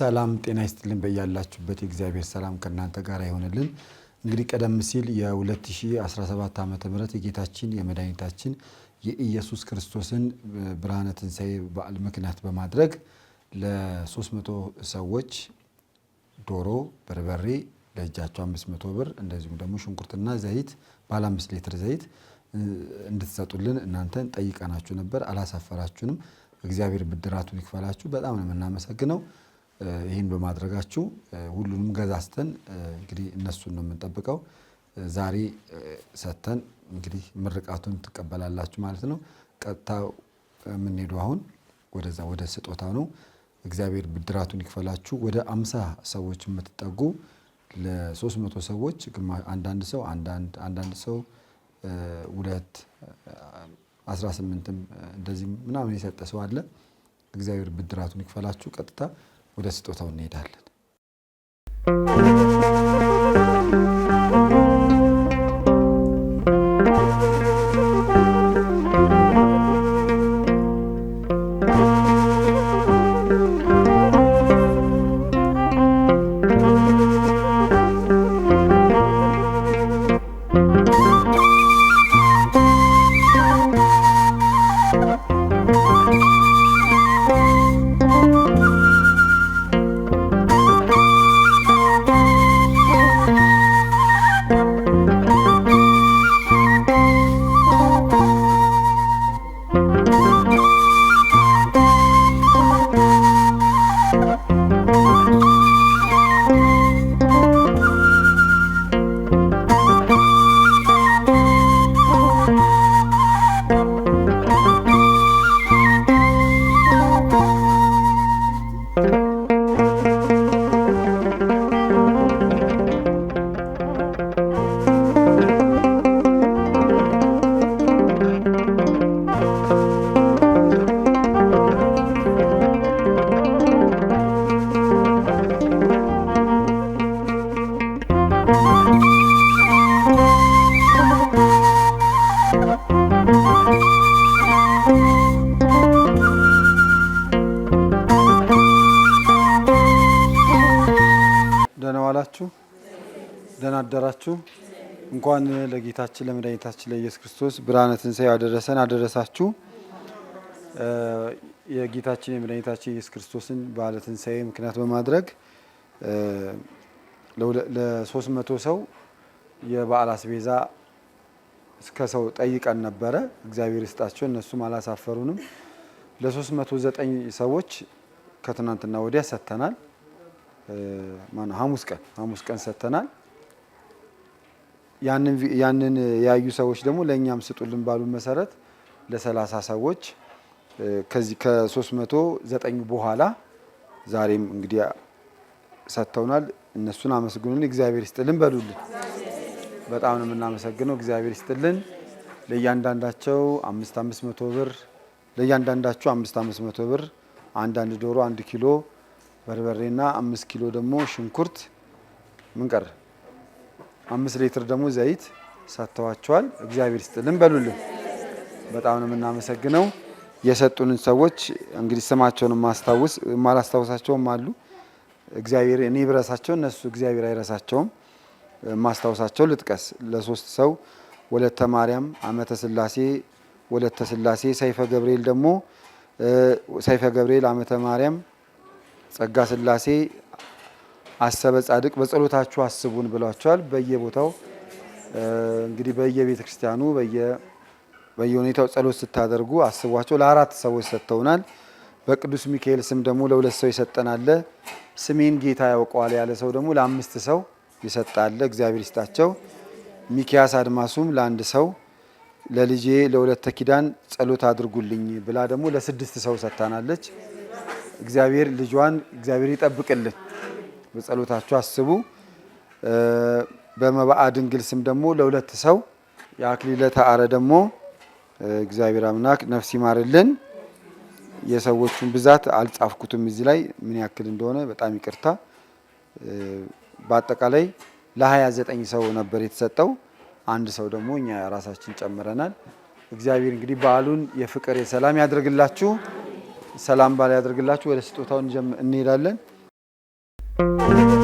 ሰላም ጤና ይስጥልን በያላችሁበት የእግዚአብሔር ሰላም ከእናንተ ጋር ይሆንልን። እንግዲህ ቀደም ሲል የ2017 ዓ ም የጌታችን የመድኃኒታችን የኢየሱስ ክርስቶስን ብርሃነ ትንሣኤ በዓል ምክንያት በማድረግ ለ300 ሰዎች ዶሮ፣ በርበሬ ለእጃቸው 500 ብር እንደዚሁም ደግሞ ሽንኩርትና ዘይት ባለ 5 ሊትር ዘይት እንድትሰጡልን እናንተን ጠይቀናችሁ ነበር። አላሳፈራችሁንም። እግዚአብሔር ብድራቱን ይክፈላችሁ። በጣም ነው የምናመሰግነው። ይህን በማድረጋችሁ ሁሉንም ገዛዝተን እንግዲህ እነሱን ነው የምንጠብቀው። ዛሬ ሰጥተን እንግዲህ ምርቃቱን ትቀበላላችሁ ማለት ነው። ቀጥታ የምንሄደው አሁን ወደዛ ወደ ስጦታ ነው። እግዚአብሔር ብድራቱን ይክፈላችሁ። ወደ አምሳ ሰዎች የምትጠጉ ለሶስት መቶ ሰዎች አንዳንድ ሰው አንዳንድ ሰው ሁለት አስራ ስምንትም እንደዚህ ምናምን የሰጠ ሰው አለ። እግዚአብሔር ብድራቱን ይክፈላችሁ። ቀጥታ ወደ ስጦታው እንሄዳለን። ይብዛላችሁ። እንኳን ለጌታችን ለመድኃኒታችን ለኢየሱስ ክርስቶስ ብርሃነ ትንሣኤ አደረሰን አደረሳችሁ። የጌታችን የመድኃኒታችን ኢየሱስ ክርስቶስን በዓለ ትንሣኤ ምክንያት በማድረግ ለሶስት መቶ ሰው የበዓል አስቤዛ እስከ ሰው ጠይቀን ነበረ። እግዚአብሔር ይስጣቸው፣ እነሱም አላሳፈሩንም። ለ ለ309 ዘጠኝ ሰዎች ከትናንትና ወዲያ ሰጥተናል። ሐሙስ ቀን ሐሙስ ቀን ሰጥተናል። ያንን ያዩ ሰዎች ደግሞ ለእኛም ስጡልን ባሉ መሰረት ለሰላሳ ሰዎች ከዚህ ከሶስት መቶ በኋላ ዛሬም እንግዲህ ሰጥተውናል። እነሱን አመስግኑልን፣ እግዚአብሔር ይስጥልን በሉልን። በጣም ነው የምናመሰግነው። እግዚአብሔር ይስጥልን። ለእያንዳንዳቸው አምስት አምስት መቶ ብር ለእያንዳንዳቸው አምስት አምስት መቶ ብር አንዳንድ ዶሮ አንድ ኪሎ በርበሬና አምስት ኪሎ ደግሞ ሽንኩርት ምንቀር አምስት ሊትር ደግሞ ዘይት ሰጥተዋቸዋል። እግዚአብሔር ይስጥልን በሉልን። በጣም ነው የምናመሰግነው የሰጡንን ሰዎች። እንግዲህ ስማቸውን ማስታውስ ማላስታውሳቸውም አሉ። እግዚአብሔር እኔ ብረሳቸው እነሱ እግዚአብሔር አይረሳቸውም። ማስታወሳቸው ልጥቀስ ለሶስት ሰው ወለተ ማርያም፣ አመተ ስላሴ ወለተ ስላሴ፣ ሰይፈ ገብርኤል ደግሞ ሰይፈ ገብርኤል፣ አመተ ማርያም፣ ጸጋ ስላሴ አሰበ ጻድቅ በጸሎታችሁ አስቡን ብሏቸዋል። በየቦታው እንግዲህ በየቤተ ክርስቲያኑ በየሁኔታው ጸሎት ስታደርጉ አስቧቸው። ለአራት ሰዎች ሰጥተውናል። በቅዱስ ሚካኤል ስም ደግሞ ለሁለት ሰው ይሰጠናል። ስሜን ጌታ ያውቀዋል ያለ ሰው ደግሞ ለአምስት ሰው ይሰጣል። እግዚአብሔር ይስጣቸው። ሚኪያስ አድማሱም ለአንድ ሰው ለልጄ ለሁለተ ኪዳን ጸሎት አድርጉልኝ ብላ ደግሞ ለስድስት ሰው ሰጥታናለች። እግዚአብሔር ልጇን እግዚአብሔር ይጠብቅልን። በጸሎታችሁ አስቡ። በመባዓ ድንግል ስም ደግሞ ለሁለት ሰው የአክሊለ ተአረ ደግሞ እግዚአብሔር አምላክ ነፍስ ይማርልን። የሰዎቹን ብዛት አልጻፍኩትም እዚህ ላይ ምን ያክል እንደሆነ በጣም ይቅርታ። በአጠቃላይ ለሀያ ዘጠኝ ሰው ነበር የተሰጠው። አንድ ሰው ደግሞ እኛ ራሳችን ጨምረናል። እግዚአብሔር እንግዲህ በዓሉን የፍቅር የሰላም ያድርግላችሁ፣ ሰላም ባል ያድርግላችሁ። ወደ ስጦታው እንሄዳለን። Thank you.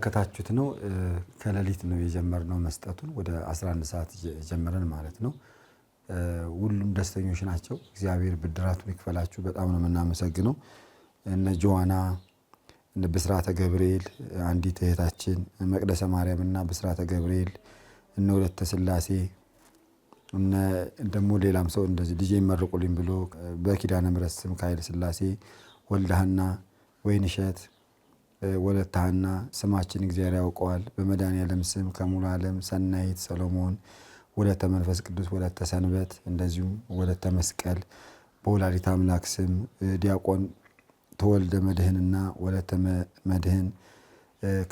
እንደተመለከታችሁት ነው። ከሌሊት ነው የጀመርነው መስጠቱን ወደ 11 ሰዓት ጀመረን ማለት ነው። ሁሉም ደስተኞች ናቸው። እግዚአብሔር ብድራቱን ይክፈላችሁ። በጣም ነው የምናመሰግነው። እነ ጆዋና እነ ብስራተ ገብርኤል አንዲት እህታችን መቅደሰ ማርያም እና ብስራተ ገብርኤል እነ ሁለተ ስላሴ ደግሞ ሌላም ሰው እንደዚህ ልጅ ይመርቁልኝ ብሎ በኪዳነ ምሕረት ስም ከኃይለ ስላሴ ወልዳህና ወይንሸት ወለታህና ስማችን እግዚአብሔር ያውቀዋል። በመድኃኔዓለም ስም ከሙሉ ዓለም ሰናይት ሰሎሞን ወለተ መንፈስ ቅዱስ ወለተ ሰንበት እንደዚሁም ወለተ መስቀል በወላዲታ አምላክ ስም ዲያቆን ተወልደ መድህንና ወለተ መድህን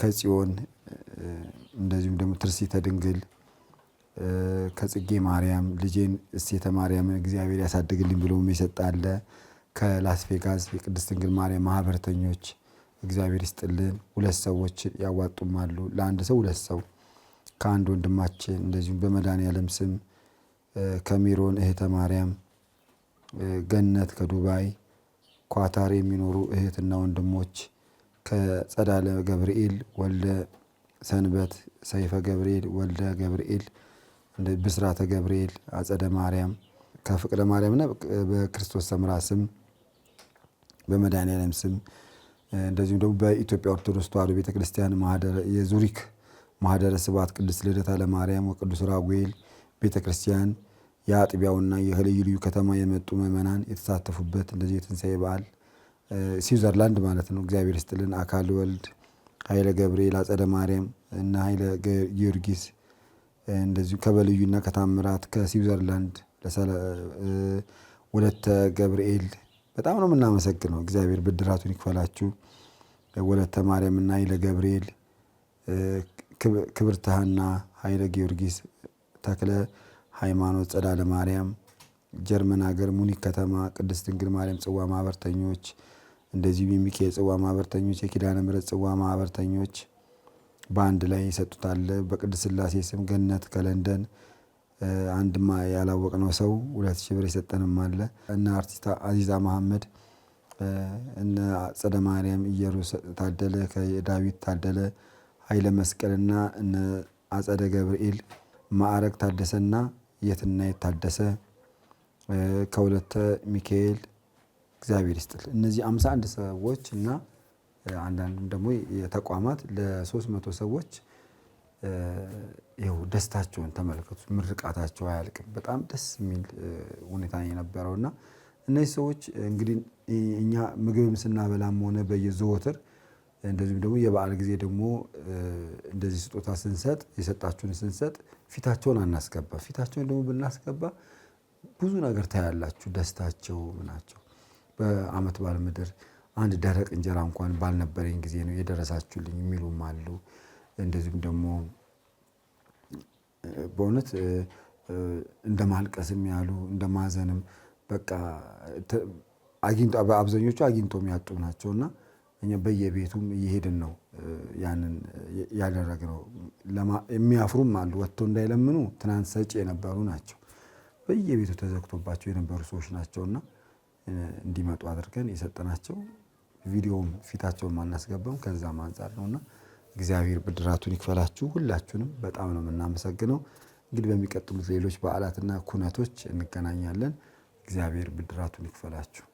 ከጽዮን እንደዚሁም ደግሞ ትርሲተ ድንግል ከጽጌ ማርያም ልጄን እሴተ ማርያምን እግዚአብሔር ያሳድግልኝ ብሎ የሰጣለ ከላስ ቬጋስ የቅድስት ድንግል ማርያም ማህበርተኞች እግዚአብሔር ይስጥልን። ሁለት ሰዎች ያዋጡማሉ። ለአንድ ሰው ሁለት ሰው ከአንድ ወንድማችን እንደዚሁም በመድኃኔዓለም ስም ከሚሮን እህተ ማርያም፣ ገነት ከዱባይ ኳታር የሚኖሩ እህትና ወንድሞች ከጸዳለ ገብርኤል ወልደ ሰንበት፣ ሰይፈ ገብርኤል ወልደ ገብርኤል፣ ብስራተ ገብርኤል፣ አጸደ ማርያም ከፍቅረ ማርያምና በክርስቶስ ሰምራ ስም በመድኃኔዓለም ስም እንደዚሁም ደግሞ በኢትዮጵያ ኦርቶዶክስ ተዋሕዶ ቤተክርስቲያን የዙሪክ ማህደረ ስብሐት ቅድስት ልደታ ለማርያም ወቅዱስ ራጉኤል ቤተክርስቲያን የአጥቢያውና የልዩ ልዩ ከተማ የመጡ ምእመናን የተሳተፉበት እንደዚህ የትንሣኤ በዓል ስዊዘርላንድ ማለት ነው። እግዚአብሔር ይስጥልን። አካል ወልድ፣ ኃይለ ገብርኤል፣ አጸደ ማርያም እና ኃይለ ጊዮርጊስ እንደዚሁ ከበልዩና ከታምራት ከስዊዘርላንድ ወለተ ገብርኤል በጣም ነው የምናመሰግነው። እግዚአብሔር ብድራቱን ይክፈላችሁ። ወለተ ና ኃይለ ገብርኤል፣ ክብርተ ሐና ኃይለ ጊዮርጊስ፣ ተክለ ሃይማኖት፣ ጸዳለ ማርያም፣ ጀርመን ሀገር ሙኒክ ከተማ ቅድስት ድንግል ማርያም ጽዋ ማህበርተኞች፣ እንደዚሁም የሚካ የጽዋ ማህበርተኞች፣ የኪዳነ ምሕረት ጽዋ ማህበርተኞች በአንድ ላይ ይሰጡታል። በቅድስት ስላሴ ስም ገነት ከለንደን አንድማ ያላወቅነው ሰው ሁለት ሺህ ብር የሰጠንም አለ። እነ አርቲስት አዚዛ መሐመድ እነ አጸደ ማርያም እየሩ ታደለ ከዳዊት ታደለ ኃይለ መስቀልና እነ አጸደ ገብርኤል ማዕረግ ታደሰና የትና ታደሰ ከሁለተ ሚካኤል እግዚአብሔር ይስጥል። እነዚህ አምሳ አንድ ሰዎች እና አንዳንዱም ደግሞ የተቋማት ለሶስት መቶ ሰዎች ይኸው ደስታቸውን ተመልከቱ። ምርቃታቸው አያልቅም። በጣም ደስ የሚል ሁኔታ የነበረው እና እነዚህ ሰዎች እንግዲህ እኛ ምግብም ስናበላም ሆነ በየዘወትር እንደዚሁም ደግሞ የበዓል ጊዜ ደግሞ እንደዚህ ስጦታ ስንሰጥ የሰጣችሁን ስንሰጥ ፊታቸውን አናስገባ። ፊታቸውን ደግሞ ብናስገባ ብዙ ነገር ታያላችሁ። ደስታቸው ምናቸው በዓመት በዓል ምድር አንድ ደረቅ እንጀራ እንኳን ባልነበረኝ ጊዜ ነው የደረሳችሁልኝ የሚሉም አሉ። እንደዚሁም ደግሞ በእውነት እንደ ማልቀስም ያሉ እንደ ማዘንም በቃ አብዛኞቹ አግኝቶ የሚያጡ ናቸው እና እኛ በየቤቱም እየሄድን ነው ያንን ያደረግነው። የሚያፍሩም አሉ ወጥቶ እንዳይለምኑ ትናንት ሰጪ የነበሩ ናቸው በየቤቱ ተዘግቶባቸው የነበሩ ሰዎች ናቸውና እንዲመጡ አድርገን የሰጠናቸው ቪዲዮም ፊታቸውን አናስገባም። ከዛም አንጻር ነውና እግዚአብሔር ብድራቱን ይክፈላችሁ። ሁላችሁንም በጣም ነው የምናመሰግነው። እንግዲህ በሚቀጥሉት ሌሎች በዓላትና ኩነቶች እንገናኛለን። እግዚአብሔር ብድራቱን ይክፈላችሁ።